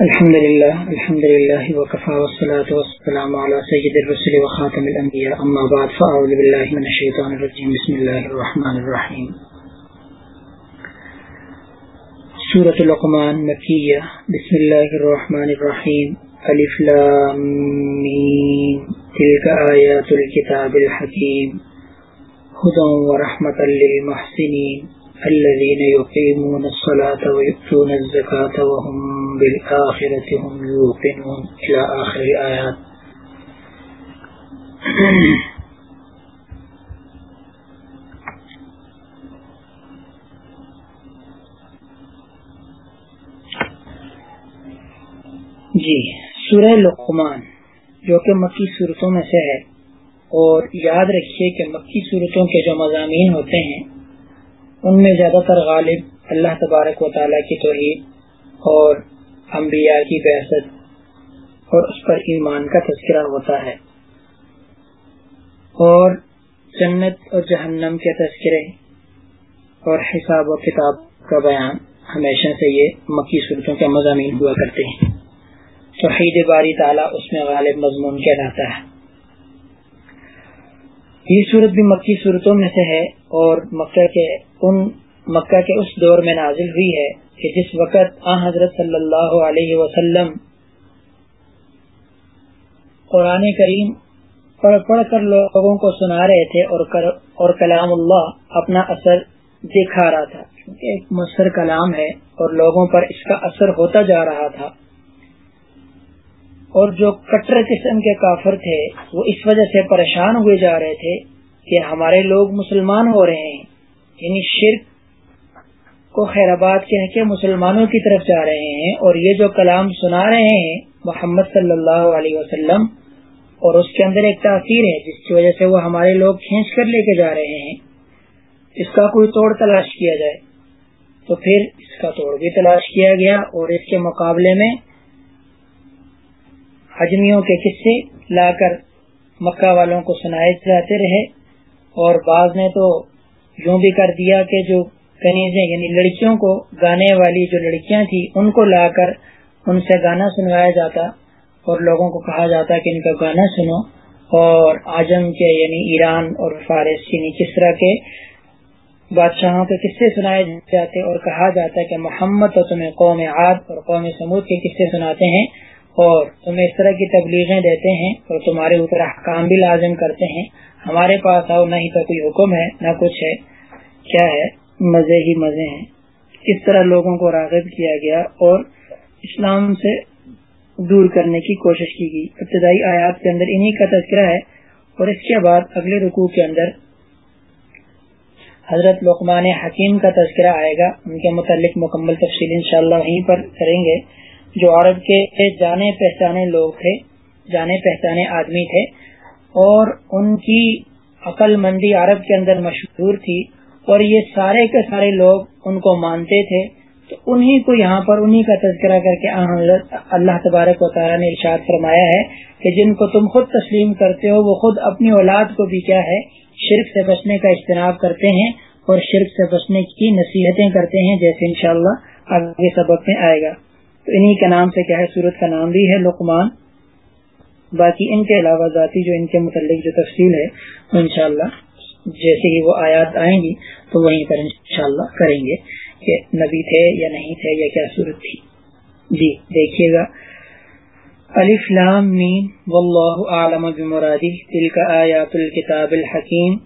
الحمد لله الحمد لله وكفى والصلاة والسلام على سيد الرسل وخاتم الأنبياء أما بعد فأعوذ بالله من الشيطان الرجيم بسم الله الرحمن الرحيم سورة لقمان مكية بسم الله الرحمن الرحيم ألف لام تلك آيات الكتاب الحكيم هدى ورحمة للمحسنين الذين يقيمون الصلاة ويؤتون الزكاة وهم جی سورہ لقمان جو کہ مکی صورتوں میں سے ہے اور یاد رکھیے کہ مکی صورتوں کے جو مضامین ہوتے ہیں ان میں زیادہ تر غالب اللہ تبارک و تعالیٰ کی توحید اور انبیاء کی بحثت اور اس پر ایمان کا تذکرہ ہوتا ہے اور جنت اور جہنم کے تذکرے اور حساب و کتاب کا بیان ہمیشہ سے یہ مکی صورتوں کے مضامین ہوا کرتے ہیں تو حید باری تعالیٰ اس میں غالب مضمون کہلاتا ہے یہ صورت بھی مکی صورتوں میں سے ہے اور مکہ کے ان مکہ کے اس دور میں نازل ہوئی ہے کہ جس وقت آ حضرت صلی اللہ علیہ وسلم قرآن کریم پڑھ پڑھ کر لوگوں کو سنا رہے تھے اور اور کلام اللہ اپنا اثر دکھا رہا تھا ایک مؤثر کلام ہے اور لوگوں پر اس کا اثر ہوتا جا رہا تھا اور جو کٹر قسم کے کافر تھے وہ اس وجہ سے پریشان ہوئے جا رہے تھے کہ ہمارے لوگ مسلمان ہو رہے ہیں یعنی شرک کو خیرآباد کے مسلمانوں کی طرف جا رہے ہیں اور یہ جو کلام سنا رہے ہیں محمد صلی اللہ علیہ وسلم اور اس کے اندر ایک تاثیر ہے جس کی وجہ سے وہ ہمارے لوگ کھینچ کر لے کے جا رہے ہیں اس کا کوئی توڑ تلاش کیا جائے تو پھر اس کا توڑ بھی تلاش کیا گیا اور اس کے مقابلے میں حجمیوں کے قصے لا کر مکہ والوں کو سنائے جاتے رہے اور بعض نے تو یوں بھی کر دیا کہ جو کنیزیں یعنی لڑکیوں کو گانے والی جو لڑکیاں تھی ان کو لا کر ان سے گانا سنوایا جاتا اور لوگوں کو کہا جاتا کہ ان کا گانا سنو اور آجم کے یعنی ایران اور یعنی کس طرح کے بادشاہوں کے قصے سنائے جاتے اور کہا جاتا کہ محمد تو تمہیں قوم عاد اور قوم سمود کے قصے سناتے ہیں اور تمہیں اس طرح کی تبلیغیں دیتے ہیں اور تمہارے اوپر احکام بھی لازم کرتے ہیں ہمارے پاس آؤ نہ ہی تو کوئی حکم ہے نہ کچھ ہے کیا ہے مزے ہی مزے ہیں اس طرح لوگوں کو راغب کیا گیا اور اسلام سے دور کرنے کی کوشش کی گئی ابتدائی آیات کے اندر انہی کا تذکرہ ہے اور اس کے بعد اگلے رکوع کے اندر حضرت لقمان حکیم کا تذکرہ آئے گا ان کے متعلق مکمل تفصیل انشاءاللہ شاء وہیں پر کریں گے جو عرب کے جانے پہچانے لوگ تھے جانے پہچانے آدمی تھے اور ان کی عقل مندی عرب کے اندر مشہور تھی اور یہ سارے کے سارے لوگ ان کو مانتے تھے تو انہی کو یہاں پر انہی کا تذکرہ کر کے اللہ تبارک و تعالیٰ نے ارشاد فرمایا ہے کہ جن کو تم خود تسلیم کرتے ہو وہ خود اپنی اولاد کو بھی کیا ہے شرک سے بچنے کا اجتناب کرتے ہیں اور شرک سے بچنے کی نصیحتیں کرتے ہیں جیسے انشاءاللہ شاء اللہ آگے سبق میں آئے گا تو انہی کے نام سے کیا ہے سورت کا نام بھی ہے لقمان باقی ان کے علاوہ ذاتی جو ان کے متعلق جو تفصیل ہے وہ انشاءاللہ جیسے ہی وہ آیات آئیں گی تو وہیں پر انشاءاللہ کریں گے کہ نبی تھے یا نہیں تھے یا کیا صورت تھی جی دیکھیے گا لام و اللہ عالم تلک آیات الکتاب الحکیم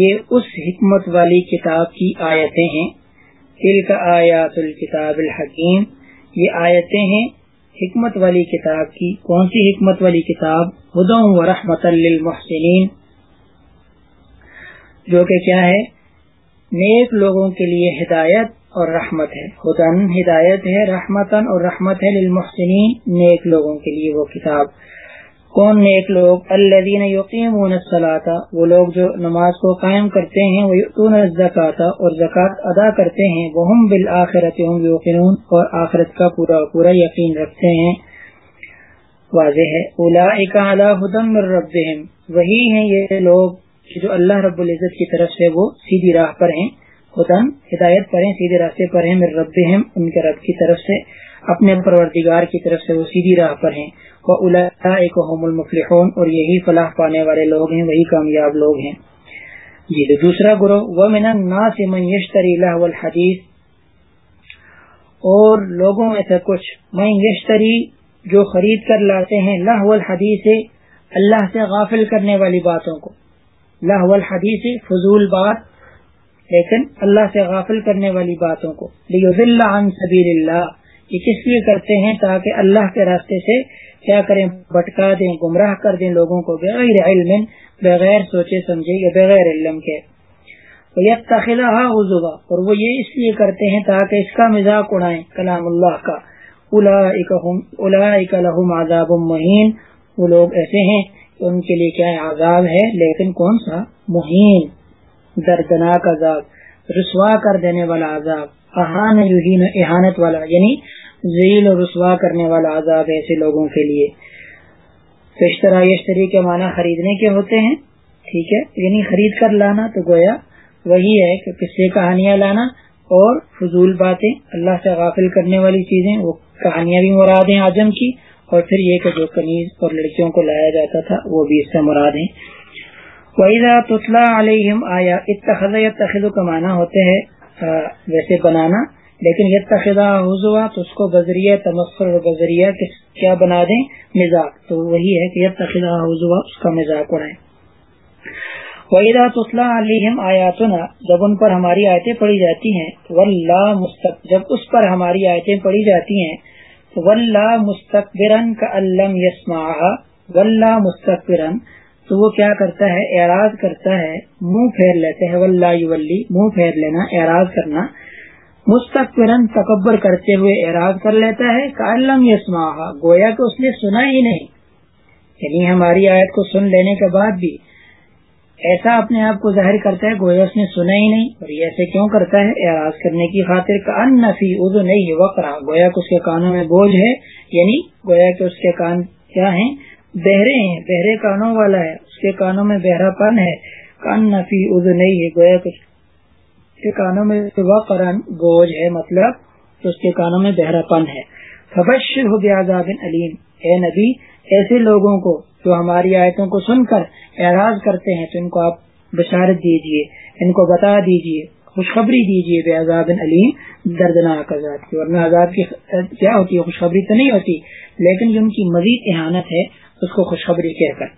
یہ اس حکمت والی کتاب کی آیتیں ہیں دل کا آیات الکتاب الحکیم یہ آیتیں ہیں حکمت والی کتاب کی کون سی حکمت والی کتاب ادوم و رحمت للمحسنین جو کہ کیا ہے نیک لوگوں کے لیے ہدایت اور رحمت ہے خدن ہدایت ہے رحمتن اور رحمت ہے للمحسنین نیک لوگوں کے لیے وہ کتاب کون نیک لوگ الذین یقیمون الصلاۃ وہ لوگ جو نماز کو قائم کرتے ہیں وہ یؤتون الزکات اور زکات ادا کرتے ہیں وہ ہم بالآخرت هم یوقنون اور آخرت کا پورا پورا یقین رکھتے ہیں واضح ہے اولئک علی هدی من ربهم وہی ہیں یہ لوگ کہ جو اللہ رب العزت کی طرف سے وہ سیدھی راہ پر ہیں خدا ہدایت پر ہیں سیدھے راستے پر ہیں میرے رب ان کے رب کی طرف سے اپنے پروردگار کی طرف سے وہ سیدھی راہ پر ہیں وہ اولا المفلحون اور یہی فلاح پانے والے لوگ ہیں وہی کامیاب لوگ ہیں جی تو دوسرا گرو وہ سے منگیشتری اللہ الحدیث اور لوگوں میں سے کچھ منگیشتری جو خرید کر لاتے ہیں لاہ الحدیث اللہ سے غافل کرنے والی باتوں کو اللہ الحدیث فضول بات لیکن اللہ سے غافل کرنے والی باتوں کو عن سبیل اللہ یہ کس لیے کرتے ہیں تاکہ اللہ کے راستے سے کیا کریں بھٹکا دیں گمراہ کر دیں لوگوں کو بغیر علم بغیر سوچے سمجھے یا بغیر علم کے خلادہ ہوا اور وہ یہ اس لیے کرتے ہیں تاکہ اس کا مزاق اڑائیں کلام اللہ کا عذاب مہین وہ لوگ ایسے ہیں ان کے لیے کیا عذاب ہے لیکن کون سا مہین دردناک عذاب رسوا کر دینے والا عذاب احان احانت والا یعنی ذیل و رسوا کرنے والا عذاب ایسے لوگوں کے لیے تو اس طرح یشتری کے معنی خریدنے کے ہوتے ہیں ٹھیک ہے یعنی خرید کر لانا تو گویا وہی ہے کہ کس سے کہانیاں لانا اور فضول باتیں اللہ سے غافل کرنے والی چیزیں وہ کہانیاں بھی مراد ہیں آجم کی اور پھر یہ کہ جو کنیز اور لڑکیوں کو لایا جاتا تھا وہ بھی اس سے مراد عَلَيْهِمْ دیں وحید علیہ کا کمانا ہوتے ہیں ویسے بنانا لیکن تو اس کو بذریعہ تم و بذریعہ کیا بنا دیں مزاق تو وہی ہے کہ اس کا مزاق اڑائے وحیدات علیہم آیا سُنا جب ان پر ہماری آیتیں پڑی جاتی ہیں جب اس پر ہماری آیتیں پڑی جاتی ہیں ولہ مستقبرن کا علم یسما ولہ مستقبرن تو وہ کیا کرتا ہے اعراض کرتا ہے منہ پھیر لیتے ہیں ولہ یو ولی منہ پھیر لینا اعراض کرنا مستقبرن تکبر کرتے ہوئے اعراض کر لیتا ہے کا علم یسما گویا کہ اس نے سنا ہی نہیں یعنی ہماری آیت کو سن لینے کے بعد بھی ایسا اپنے آپ کو ظاہر کرتا ہے گویا اس نے سنا ہی نہیں اور یہ ایسے کیوں کرتا ہے اعراض کرنے کی خاطر کا ان نفی اردو نہیں ہے کہ اس کے کانوں میں بوجھ ہے یعنی گویا کہ اس کے کان کیا ہیں بہرے ہیں بہرے کانوں والا ہے اس کے کانوں میں بہرا پن ہے کان نفی اردو نہیں ہے گویا کانوں میں وقرن بوجھ ہے مطلب اس کے کانوں میں بہرا پن ہے خبش ہو گیا علیم اے نبی ایسے لوگوں کو جو ہماری آیتوں کو سن کر اعراض کرتے ہیں تو ان کو آپ بشارت دیجئے ان کو بتا دیجئے خوشخبری دیجیے علیم دردناک آزاد کی ورنہ کی کیا ہوتی ہے خوشخبری تو نہیں ہوتی لیکن جو ان کی مزید احانت ہے اس کو خوشخبری کہہ کر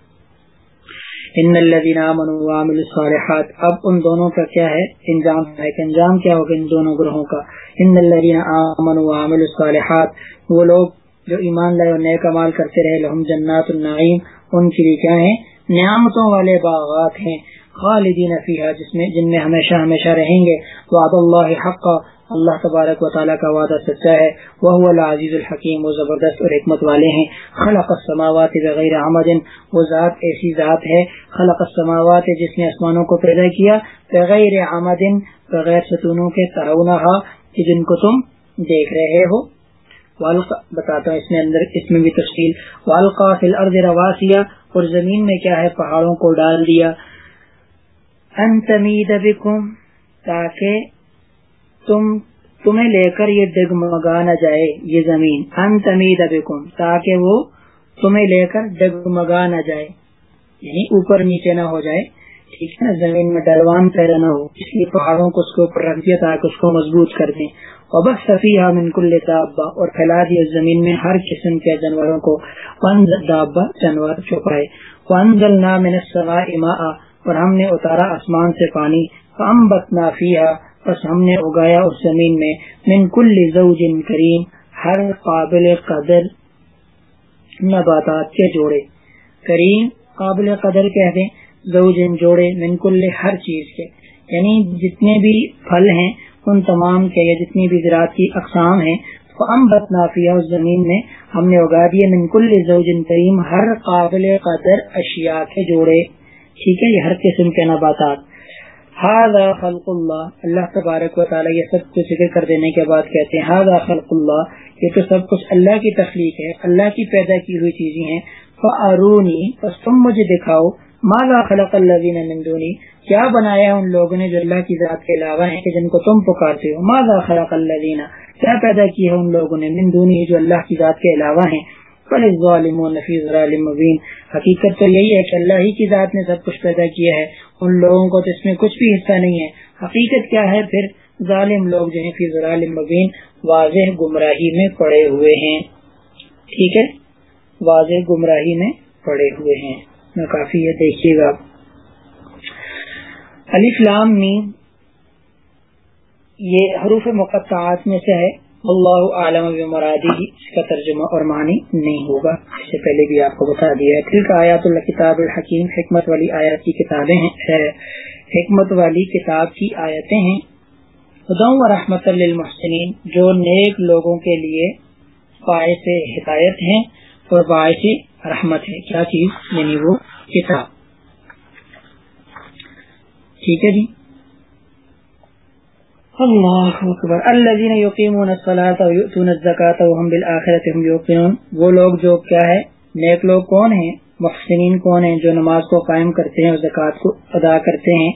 ان الصالحات اب ان دونوں کا کیا ہے انجام انجام کیا ہوگا ان دونوں گروہوں کا ان الصالحات وہ لوگ جو ایمان لائے اور نئے کمال کرتے رہے لحم جنات النعیم ان کے لیے کیا ہیں نعمتوں والے باغات ہیں خالدین جس میں جن میں ہمیشہ ہمیشہ رہیں گے حق اللہ تبارک و تعالیٰ کا وعدہ سچا ہے وہ وہ الحکیم زبردست اور حکمت والے ہیں خلق السماوات بغیر عمد وہ ذات ایسی ذات ہے خلق السماوات جس نے آسمانوں کو پیدا کیا بغیر بغیر ستونوں کے کہ جن کو تم دیکھ رہے ہو بتاتا بتاتا اس میں اندر اس میں بھی تفصیل تشکیل الارض رواسیا اور زمین میں کیا ہے پہاڑوں کو ڈال دیا ان بکم تاکہ تم تمہیں لے کر یہ ڈگمگا نہ جائے یہ زمین ان تمید بکم تاکہ وہ تمہیں لے کر ڈگمگا نہ جائے یعنی اوپر نیچے نہ ہو جائے ٹھیک نا زمین میں ڈلوان پیدا نہ ہو اس لیے پہاڑوں کو اس کے اوپر رکھ دیا تاکہ اس کو مضبوط کر دیں اور بس صفی ہا اور پھیلا دیا زمین میں ہر قسم کے جانوروں کو پند دابا جانور چھپائے پن دل نہ میں اور ہم نے اتارا آسمان سے پانی ہم بس نہ بس ہم نے اگایا اس زمین میں من کل مینکل کریم ہر قابل قدر نباتات کے جوڑے کریم قابل قدر کہہ دیں زوجن جوڑے من کل ہر چیز کے یعنی جتنے بھی پھل ہیں ان تمام کے یا جتنی بھی زراعت کی اقسام ہیں ہم بت نافیہ اس زمین میں ہم نے اگا دیے کریم ہر قابل قدر اشیاء کے جوڑے ٹھیک ہے یہ ہر قسم کے نباتات ہاضا خلق اللہ اللہ تبارک و تعالیٰ یہ سب کچھ ذکر کر دینے کے بعد کہتے ہیں ہاضا خلق اللہ یہ تو سب کچھ اللہ کی تخلیق ہے اللہ کی پیدا کی ہوئی چیزیں ہیں فارونی بس تم مجھے دکھاؤ مالا خلق اللہ نندونی کیا بنایا ان لوگوں نے جو اللہ کی ذات کے علاوہ ہیں کہ جن کو تم پکارتے ہو مالا خلق اللہ کیا پیدا کی ہے ان لوگوں نے نندونی جو اللہ کی ذات کے علاوہ ہیں حقیقت تو یہی ہے کہ اللہ ہی کی ذات نے سب کچھ پیدا کیا ہے ان لوگوں کو تو اس میں کچھ بھی حصہ نہیں ہے حقیقت کیا ہے پھر ظالم لوگ جو ہیں فیض مبین واضح گمراہی میں پڑے ہوئے ہیں ٹھیک ہے واضح گمراہی میں پڑے ہوئے ہیں کافی ہے دیکھیے گا علی فلام یہ حروف میں سے ہے اللہ عالم مرادی اس کا ترجمہ اور معنی نہیں ہوگا اس سے پہلے بھی آپ کو بتا دیا ہے آیات اللہ کتاب الحکیم حکمت والی آیات کی کتابیں ہیں اچھا حکمت والی کتاب کی آیتیں ہیں و رحمت للمحسنین جو نیک لوگوں کے لیے فائد ہدایت ہیں اور باعث رحمت ہے کیا چیز یعنی وہ کتاب ٹھیک ہے جی اللہ اکبر جی نے یقیناخرت وہ لوگ جو کیا ہے نیک لوگ کون ہیں محسنین کون ہیں جو نماز کو قائم کرتے ہیں اور زکوٰۃ کو ادا کرتے ہیں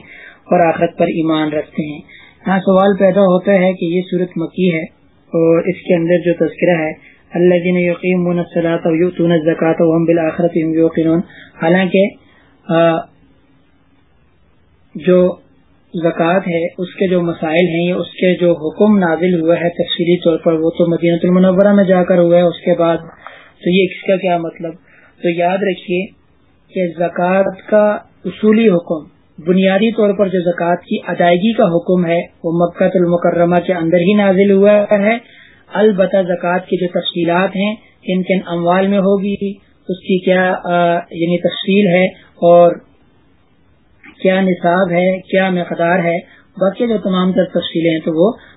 اور آخرت پر ایمان رکھتے ہیں یہاں سوال پیدا ہوتا ہے کہ یہ صورت مکی ہے اور اس کے اندر جو تذکرہ ہے اللہ جن یقین حالانکہ جو زکوٰۃ ہے اس کے جو مسائل ہیں اس کے جو حکم نازل ہوا ہے تفصیلی طور پر وہ تو مدینہ المنورہ میں جا کر ہوا ہے اس کے بعد تو یہ اس کا کیا مطلب تو یاد رکھیے کہ زکوٰۃ کا اصولی حکم بنیادی طور پر جو زکوٰۃ کی ادائیگی کا حکم ہے وہ مکہ المکرمہ کے اندر ہی نازل ہوا ہے البتہ زکوٰۃ کی جو تفصیلات ہیں کن کن اموال میں ہوگی اس کی کیا یعنی تفصیل ہے اور کیا نصاب ہے کیا مقدار ہے باقی جو تمام تر تفصیلیں ہیں تو وہ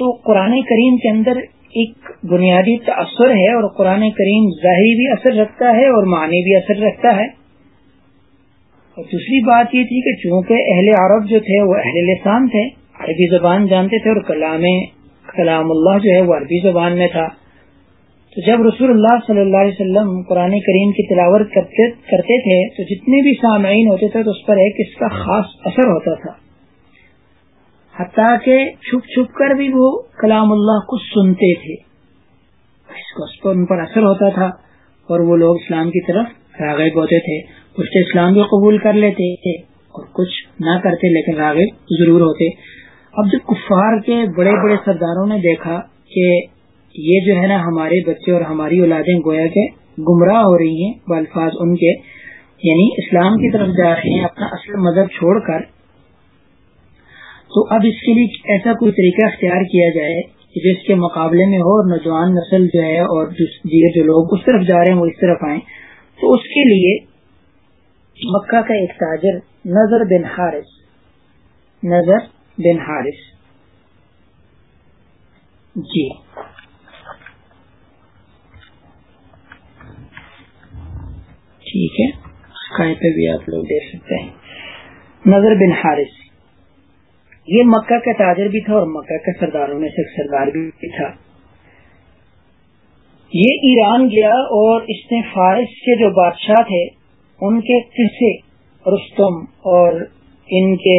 تو قرآن کریم کے اندر ایک بنیادی تأثر ہے اور قرآن کریم ظاہری بھی اثر رکھتا ہے اور معنی بھی اثر رکھتا ہے اور دوسری بات یہ تھی کہ چونکہ اہل عرب جو تھے وہ اہل لسان تھے عربی زبان جانتے تھے اور کلام کلام اللہ جو ہے وہ عربی زبان میں تھا تو جب رسول اللہ صلی اللہ علیہ وسلم قرآن کریم کی تلاوت کرتے تھے تو جتنے بھی سامعین ہوتے تھے تو اس پر ایک اس کا خاص اثر ہوتا تھا حتا کہ چھپ چھپ کر بھی وہ کلام اللہ کو سنتے تھے اس اس کو پر ان پر اثر ہوتا تھا اور وہ لوگ اسلام کی طرف راغب ہوتے تھے کچھ اسلام کو قبول کر لیتے تھے اور کچھ نہ کرتے لیکن راغب ضرور ہوتے اب جب کفار کے بڑے بڑے سرداروں نے دیکھا کہ یہ جو ہے نا ہمارے بچے اور ہماری اولادیں گویا کے گمراہ ہو رہی ہیں بالفاظ ان کے یعنی اسلام کی طرف جا رہے ہیں اپنا اصل مذہب چھوڑ کر تو اب اس کے لیے ایسا کوئی طریقہ اختیار کیا جائے جس کے مقابلے میں ہو اور نوجوان نسل جو ہے اور جی، جو لوگ اس طرف جا رہے ہیں وہ اس طرف آئیں تو اس کے لیے مکہ کا ایک تاجر نظر بن حارث نظر بن حارث جی ٹھیک ہے کہیں پہ بھی آپ لوگ دیکھ سکتے ہیں نظر بن حارث یہ مکہ کا تاجر بھی تھا اور مکہ کے سرداروں میں سے ایک سردار بھی تھا یہ ایران گیا اور اس نے فارس کے جو بادشاہ تھے ان کے قصے رستم اور ان کے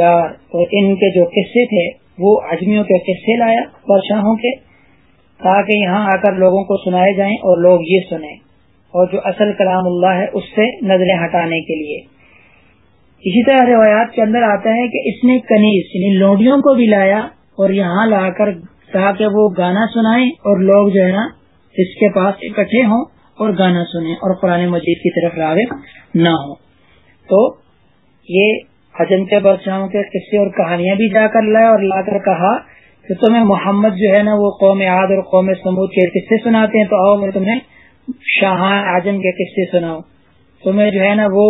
اور ان کے جو قصے تھے وہ آدمیوں کے قصے لایا بادشاہوں کے تاکہ یہاں آ کر لوگوں کو سنائے جائیں اور لوگ یہ سنیں اور جو اصل کلام اللہ ہے اس سے نظریں ہٹانے کے لیے اسی طرح روایات کے اندر آتا ہے کہ اس نے کنیز یعنی لوڈیوں کو بھی لایا اور یہاں لا کر کہا کہ وہ گانا سنائے اور لوگ جو ہے نا اس کے پاس اکٹھے ہوں اور گانا سنیں اور قرآن مجید کی طرف راغب نہ ہوں تو یہ عجم کے بادشاہوں کے قصے اور کہانیاں بھی جا کر لائے اور لا کر کہا کہ تمہیں محمد جو ہے نا وہ قوم عاد اور قوم سمود کے قصے سناتے ہیں تو آؤ میں تمہیں شاہان اعظم کے قصے سناؤ تمہیں جو ہے نا وہ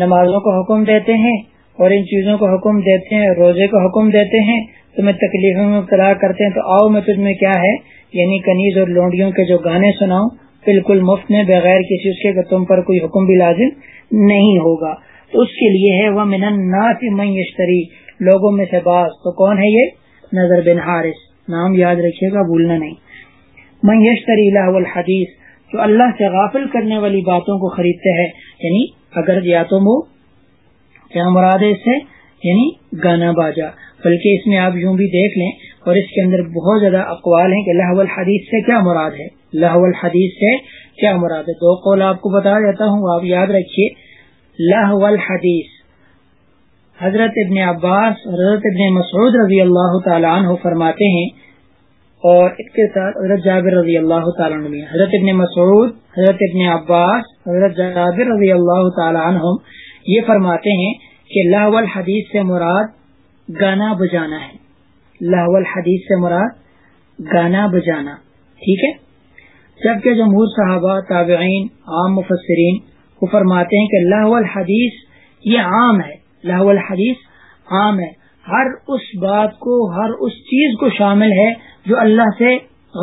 نمازوں کو حکم دیتے ہیں اور ان چیزوں کو حکم دیتے ہیں روزے کو حکم دیتے ہیں تمہیں تکلیفوں میں مبتلا کرتے ہیں تو آؤ میں تجھ میں کیا ہے یعنی کنیز اور لونڈیوں کے جو گانے سناؤں بالکل مفت میں بغیر کسی اس کے تم پر کوئی حکم بھی لازم نہیں ہوگا تو اس کے لیے ہے وہ من نہ میشتری لوگوں میں سے باز تو کون ہے یہ نظر بن حارث نام یاد رکھیے گا بھولنا نہیں میشتری اللہ الحدیث تو اللہ سے غافل کرنے والی باتوں کو خریدتے ہیں یعنی اگر یا تو وہ کیا مراد ہے اس سے یعنی گانا باجا بلکہ اس میں آپ یوں بھی دیکھ لیں اور اس کے اندر بہت زیادہ اقوال ہیں کہ لاہول حدیث سے کیا مراد ہے لاہول حدیث سے کیا مراد ہے دو قول آپ کو بتا جاتا ہوں آپ یاد رکھیے لاہول حدیث حضرت ابن عباس حضرت ابن مسعود رضی اللہ تعالیٰ عنہ فرماتے ہیں اور اس کے ساتھ حضرت جابر رضی اللہ تعالیٰ حضرت ابن مسعود حضرت ابن عباس حضرت جابر رضی اللہ تعالیٰ عنہ یہ فرماتے ہیں کہ لاول حدیث سے مراد گانا بجانا ہے لاول حدیث سے مراد گانا بجانا ٹھیک ہے جبکہ جمہور صحابہ تابعین عام مفسرین وہ فرماتے ہیں کہ لاول حدیث یہ عام ہے لاول حدیث عام ہے ہر اس بات کو ہر اس چیز کو شامل ہے جو اللہ سے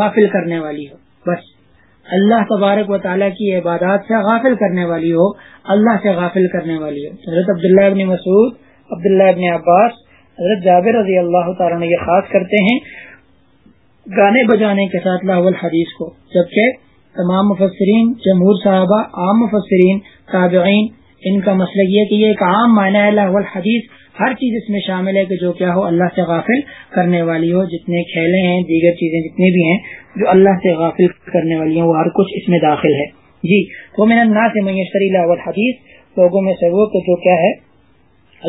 غافل کرنے والی ہو بس اللہ تبارک و تعالیٰ کی عبادات سے غافل کرنے والی ہو اللہ سے غافل کرنے والی ہو حضرت عبداللہ ابن مسعود عبداللہ ابن عباس حضرت جابر رضی اللہ تعالیٰ نے یہ خاص کرتے ہیں گانے بجانے کے ساتھ لاہول الحدیث کو جبکہ تمام مفسرین جمہور صحابہ عام مفسرین تابعین ان کا مسئلہ یہ کہ یہ ایک عام معنی ہے لاہول الحدیث ہر چیز اس میں شامل ہے کہ جو کیا ہو اللہ سے غافل کرنے والی ہو جتنے کھیلے ہیں دیگر چیزیں جتنی بھی ہیں جو اللہ سے غافل کرنے والی وہ ہر کچھ اس میں داخل ہے جی وہ نا سے میشری حدیث لوگوں میں سے وہ کہ جو کیا ہے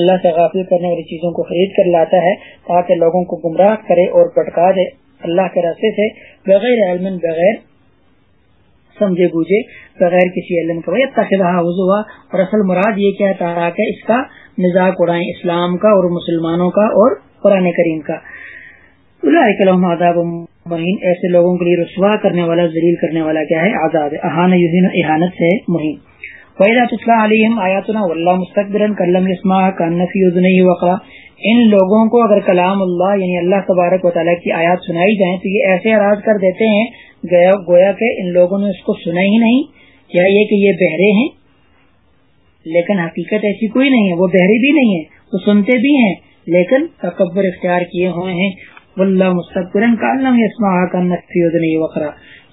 اللہ سے غافل کرنے والی چیزوں کو خرید کر لاتا ہے تاکہ لوگوں کو گمراہ کرے اور پٹکا دے اللہ کے راستے سے بغیر علم بغیر سمجھے بوجھے بغیر کسی علم کو بحاظ ہوا اور اصل مراد یہ کیا کہ اس کا مزاق اڑائیں اسلام کا اور مسلمانوں کا اور قرآن کریم کا اللہ ایسے لوگوں کے لیے رسوا کرنے والا ذلیل کرنے والا کیا ہے آزاد احانت سے مہین آیا تنا اللہ مستقبر کل کافی وقرا ان لوگوں کو اگر کلام اللہ یعنی اللہ تبارک و تعالیٰ کی آیات سنائی جائیں تو یہ ایسے آراز کر دیتے ہیں گویا کہ ان لوگوں نے اس کو سنا ہی نہیں کیا یہ کہ یہ بہرے ہیں لیکن حقیقت ایسی کوئی نہیں ہے وہ بہری بھی نہیں ہے وہ سنتے بھی ہیں لیکن تکبر اختیار کیے ہوئے ہیں واللہ مستقرن کا اللہ اسماح کا نقصی وقرا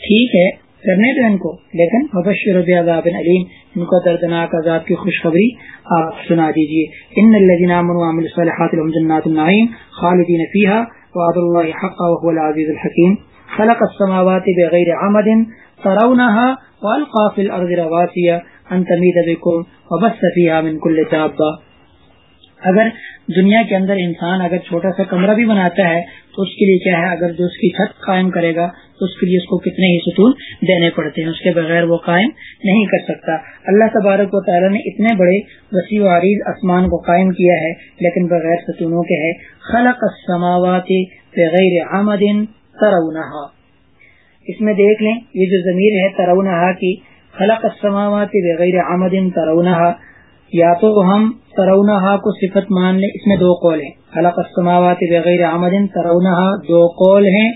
ٹھیک ہے کرنے دو ان کو لیکن مبشر عذاب علیم ان کو دردناک عذاب کی خوشخبری آپ سنا دیجئے ان الذین آمنوا عمل صالحات لهم جنات النعیم خالدین فیہا وعد اللہ حقا وهو العزیز الحکیم خلق السماوات بغیر عمد ترونہا والقافل الارض رواسیہ ان تمی کو وبس صفی عام کو اگر دنیا کے اندر انسان اگر چھوٹا سا کمرہ بھی بناتا ہے تو اس کے لیے کیا ہے اگر جو اس کی چھت قائم کرے گا تو اس کے لیے اس کو کتنے ہی ستون دینے پڑتے ہیں اس کے بغیر وہ قائم نہیں کر سکتا اللہ تبارک و تعالیٰ نے اتنے بڑے وسیع و عریض آسمان کو قائم کیا ہے لیکن بغیر ستونوں کے ہے خلق بغیر ترونہا اس میں دیکھ لیں یہ جو ضمیر ہے ترونہا کی خلق السماوات بغیر عمد ترونہا یا تو ہم ترونہا کو صفت مان لیں اس میں دو قول ہیں خلق السماوات بغیر عمد ترونہا دو قول ہیں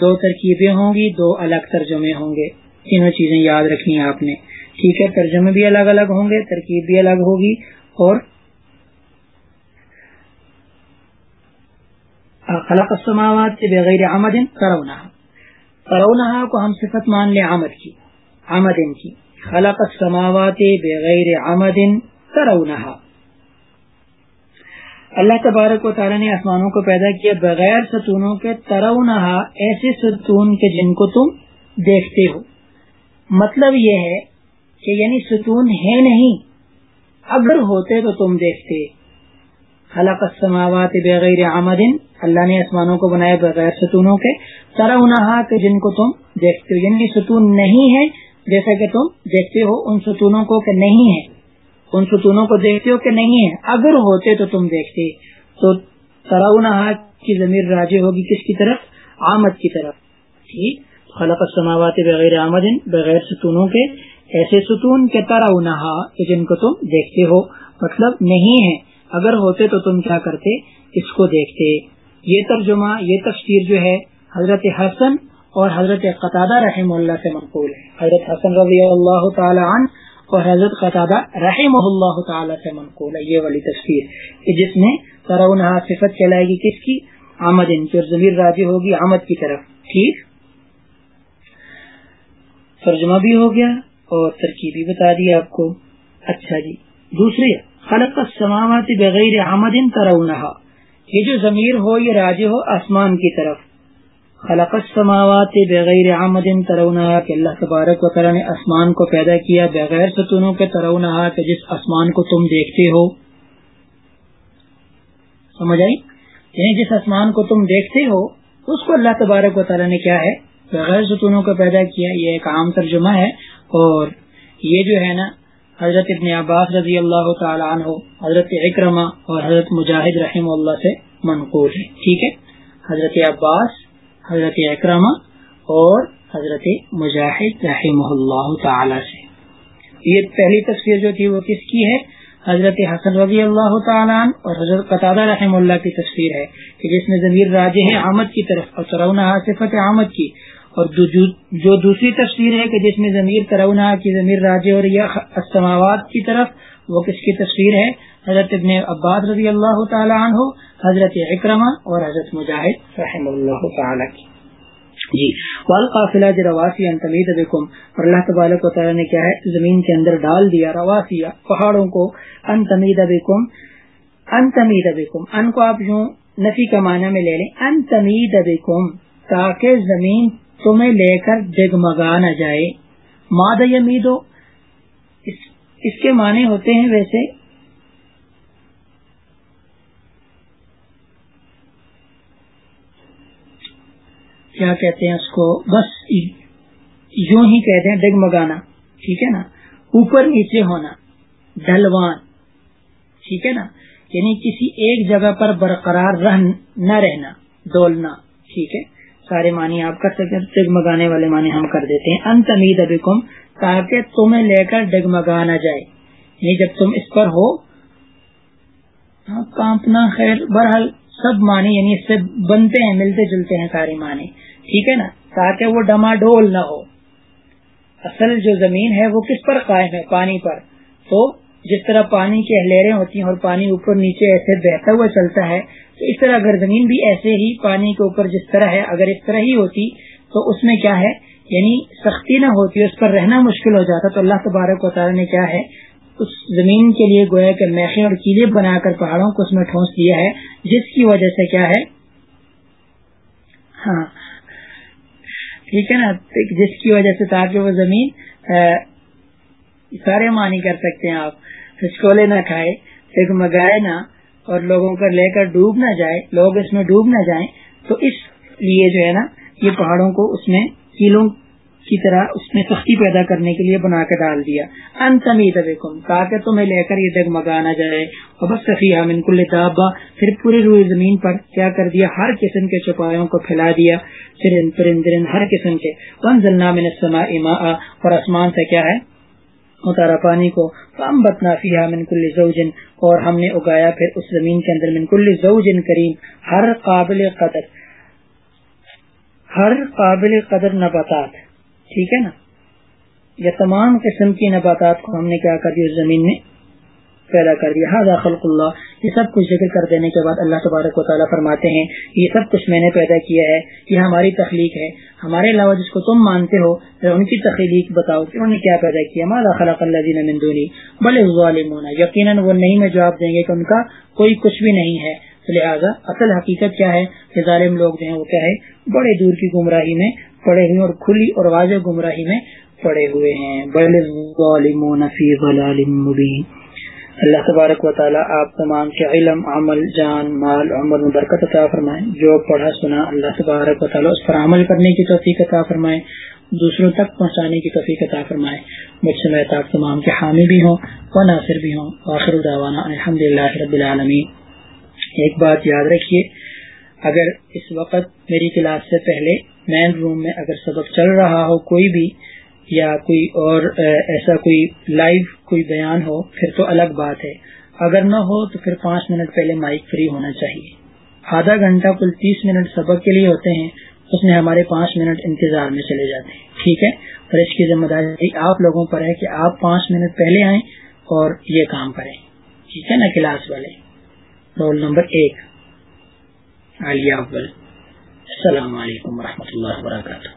دو ترکیبیں ہوں گی دو الگ ترجمے ہوں گے تینوں چیزیں یاد رکھنی آپ نے ٹھیک ہے ترجمے بھی الگ الگ ہوں گے ترکیب بھی الگ ہوگی اور خلق السماوات بغیر عمد ترونہا ترونہا کو ہم صفت مان لیں عمد کی آمدن کی خلق سماوات بغیر آمدن ترونہا اللہ تبارک و تعالیٰ نے آسمانوں کو پیدا کیا بغیر ستونوں کے ترونا ایسے ستون کے جن کو تم دیکھتے ہو مطلب یہ ہے کہ یعنی ستون ہے نہیں اگر ہوتے تو تم دیکھتے خلق سماوات بغیر آمدن اللہ نے آسمانوں کو بنایا بغیر ستونوں کے ترونہا کے جن کو تم دیکھتے ہو یعنی ستون نہیں ہے جیسا کہ تم دیکھتے ہو ان ستونوں کو کہ نہیں ہے ان ستونوں کو دیکھتے ہو کہ نہیں ہے اگر ہوتے تو تم دیکھتے تو تراؤناہ کی ضمیر راجی ہوگی کس کی طرف آمد کی طرف ٹھیک جی، خلق سماوات بغیر آمد بغیر ستونوں کے ایسے ستون کے کہ جن کو تم دیکھتے ہو مطلب نہیں ہے اگر ہوتے تو تم کیا کرتے اس کو دیکھتے یہ ترجمہ یہ تفسیر جو ہے حضرت حسن اور حضرت قطع رحم اللہ سے منقول ہے حضرت حسن رضی اللہ تعالیٰ عن اور حضرت قطع رحم اللہ تعالیٰ سے منقول ہے یہ والی تصویر جس میں صفت چلائے گی کس کی آمد آمد ان کی کی راضی ہوگی طرف ٹھیک ترجمہ بھی ہو گیا اور ترکیب بھی بتا دی آپ کو اچھا جی دوسری خلق السماوات بغیر آمد ان یہ جو ضمیر ہو یہ راجی ہو آسمان کی طرف خلق السماوات بغیر عمد ترونہا کہ اللہ تبارک و تعالی نے آسمان کو پیدا کیا بغیر ستونوں کے ترونہا کہ جس آسمان کو تم دیکھتے ہو سمجھ آئی یعنی جس آسمان کو تم دیکھتے ہو اس کو اللہ تبارک و تعالی نے کیا ہے بغیر ستونوں کو پیدا کیا یہ ایک عام ترجمہ ہے اور یہ جو ہے نا حضرت ابن عباس رضی اللہ تعالی عنہ حضرت اکرما اور حضرت مجاہد رحم اللہ سے منقور ہے ٹھیک ہے حضرت عباس حضرت اکرما اور حضرت مجاہد اللہ تعالی سے یہ پہلی تصویر جو تھی وہ کس کی ہے حضرت حسن رضی اللہ تعالیٰ اور حضرت قطع رحم اللہ کی تصویر ہے کہ جس میں ضمیر ہے احمد کی طرف اور ترونا صفت احمد کی اور جو دوسری تصویر ہے کہ جس میں ضمیر ترونا کی ضمیر راجے اور یا اسلمواد کی طرف وہ کس کی تصویر ہے حضرت ابن عباد رضی اللہ تعالی عنہ حضرت اکرما اور حضرت مجاہد رحم اللہ تعالی کی جی والقافلہ جو جی، رواسی انتمید بکم اور اللہ تبارک و تعالی نے کیا ہے زمین کے اندر ڈال دیا رواسیہ پہاڑوں کو انتمید بکم انتمید بکم ان کو آپ یوں نفی کا معنی میں لے لیں انتمید بکم تاکہ زمین تمہیں لے کر جگمگا نہ جائے ماد یمیدو اس, اس کے معنی ہوتے ہیں ویسے کیا کہتے ہیں اس کو بس یوں ہی کہتے ہیں ڈگمگانا ٹھیک ہے نا اوپر نیچے ہونا ڈھلوان ٹھیک ہے نا یعنی کسی ایک جگہ پر برقرار نہ رہنا ڈولنا ٹھیک ہے سارے معنی آپ کر سکتے ہیں ڈگمگانے والے معنی ہم کر دیتے ہیں انتمید ابھی کم تاکہ تمہیں لے کر ڈگمگانا جائے یعنی جب تم اس پر ہو ہاں، کانپنا خیر برہل سب معنی یعنی اس سے بنتے ہیں ملتے جلتے ہیں سارے معنی ٹھیک ہے نا تاکہ وہ ڈماڈول نہ ہو اصل جو زمین ہے وہ کس پر قائم ہے پانی پر تو جس طرح پانی کی اہلیریں ہوتی ہیں اور پانی اوپر نیچے ایسے بہتا ہوا چلتا ہے تو اس طرح اگر زمین بھی ایسے ہی پانی کے اوپر جس طرح ہے اگر اس طرح ہی ہوتی تو اس میں کیا ہے یعنی سختی نہ ہوتی اس پر رہنا مشکل ہو جاتا تو اللہ تبارک و تعالیٰ نے کیا ہے اس زمین کے لیے گویا کے میخے اور کیلے بنا کر پہاڑوں کو اس میں ٹھونس دیا ہے جس کی وجہ سے کیا ہے ہاں ٹھیک ہے نا جس کی وجہ سے تاکہ وہ زمین سارے معنی کر سکتے ہیں آپ ہچکولے نہ کھائے پھر مگائے نہ اور لوگوں کو لے کر ڈوب نہ جائے لوگ اس میں ڈوب نہ جائیں تو اس لیے جو ہے نا یہ پہاڑوں کو اس میں کیلوں کی طرح اس نے سختی پیدا کرنے کے لیے بنا کے ڈال دیا ان تمید اب تاکہ تمہیں لے کر یہ دگمگا نہ جائے اور بس سفیہ من کل دابا پھر پوری روئی زمین پر کیا کر دیا ہر قسم کے چپایوں کو پھیلا دیا چرن پرن درن ہر قسم کے ون ضلع میں سما اور آسمان سے کیا ہے اتارا پانی کو کم بتنا فیا من کل زوجن اور ہم نے اگایا پھر اس زمین کے اندر من کل زوجن کریم ہر قابل قدر ہر قابل قدر نباتات ٹھیک ہے نا یہ تمام قسم کی نباتات کو ہم نے کیا کر دیا اس زمین میں پیدا کر دیا ہاں یہ سب کچھ ذکر کر دینے کے بعد اللہ تبارک و تعالیٰ فرماتے ہیں یہ سب کچھ میں نے پیدا کیا ہے یہ ہماری تخلیق ہے ہمارے علاوہ جس کو تم مانتے ہو ان کی تخلیق بتاؤ کہ انہوں نے کیا پیدا کیا اللہ مندونی بلے ظالمون یقیناً وہ نہیں میں جواب دیں گے کہ ان کا کوئی کچھ بھی نہیں ہے لہٰذا اصل حقیقت کیا ہے کہ ظالم لوگ جو ہیں وہ کیا ہے بڑے دور کی گمراہی میں پڑے ہوئے اور کھلی اور واضح گمراہی میں پڑے ہوئے ہیں اللہ تبارک و تعالیٰ آپ تمام کے علم عمل جان مال عمر میں برکت جو پڑھا سنا اللہ تبارک و تعالیٰ اس پر عمل کرنے کی توفیق عطا فرمائے دوسروں تک پہنچانے کی توفیق عطا فرمائے مجھ سے میں آپ تمام کے حامی بھی ہوں و ناصر بھی ہوں آخر الروان الحمد للہ ایک بات یاد رکھیے اگر اس وقت میری کلاس سے پہلے مین روم میں اگر سبق چل رہا ہو کوئی بھی یا کوئی اور ایسا کوئی لائیو کوئی بیان ہو پھر تو الگ بات ہے اگر نہ ہو تو پھر پانچ منٹ پہلے مائک فری ہونا چاہیے آدھا گھنٹہ کل تیس منٹ سبق کے لیے ہوتے ہیں اس میں ہمارے پانچ منٹ انتظار میں چلے جاتے ہیں ٹھیک ہے اور اس کی ذمہ داری آپ لوگوں پر ہے کہ آپ پانچ منٹ پہلے آئیں اور یہ کام کریں ٹھیک ہے نا کلاس والے رول نمبر ایک عالیہ اول Assalamualaikum warahmatullahi wabarakatuh.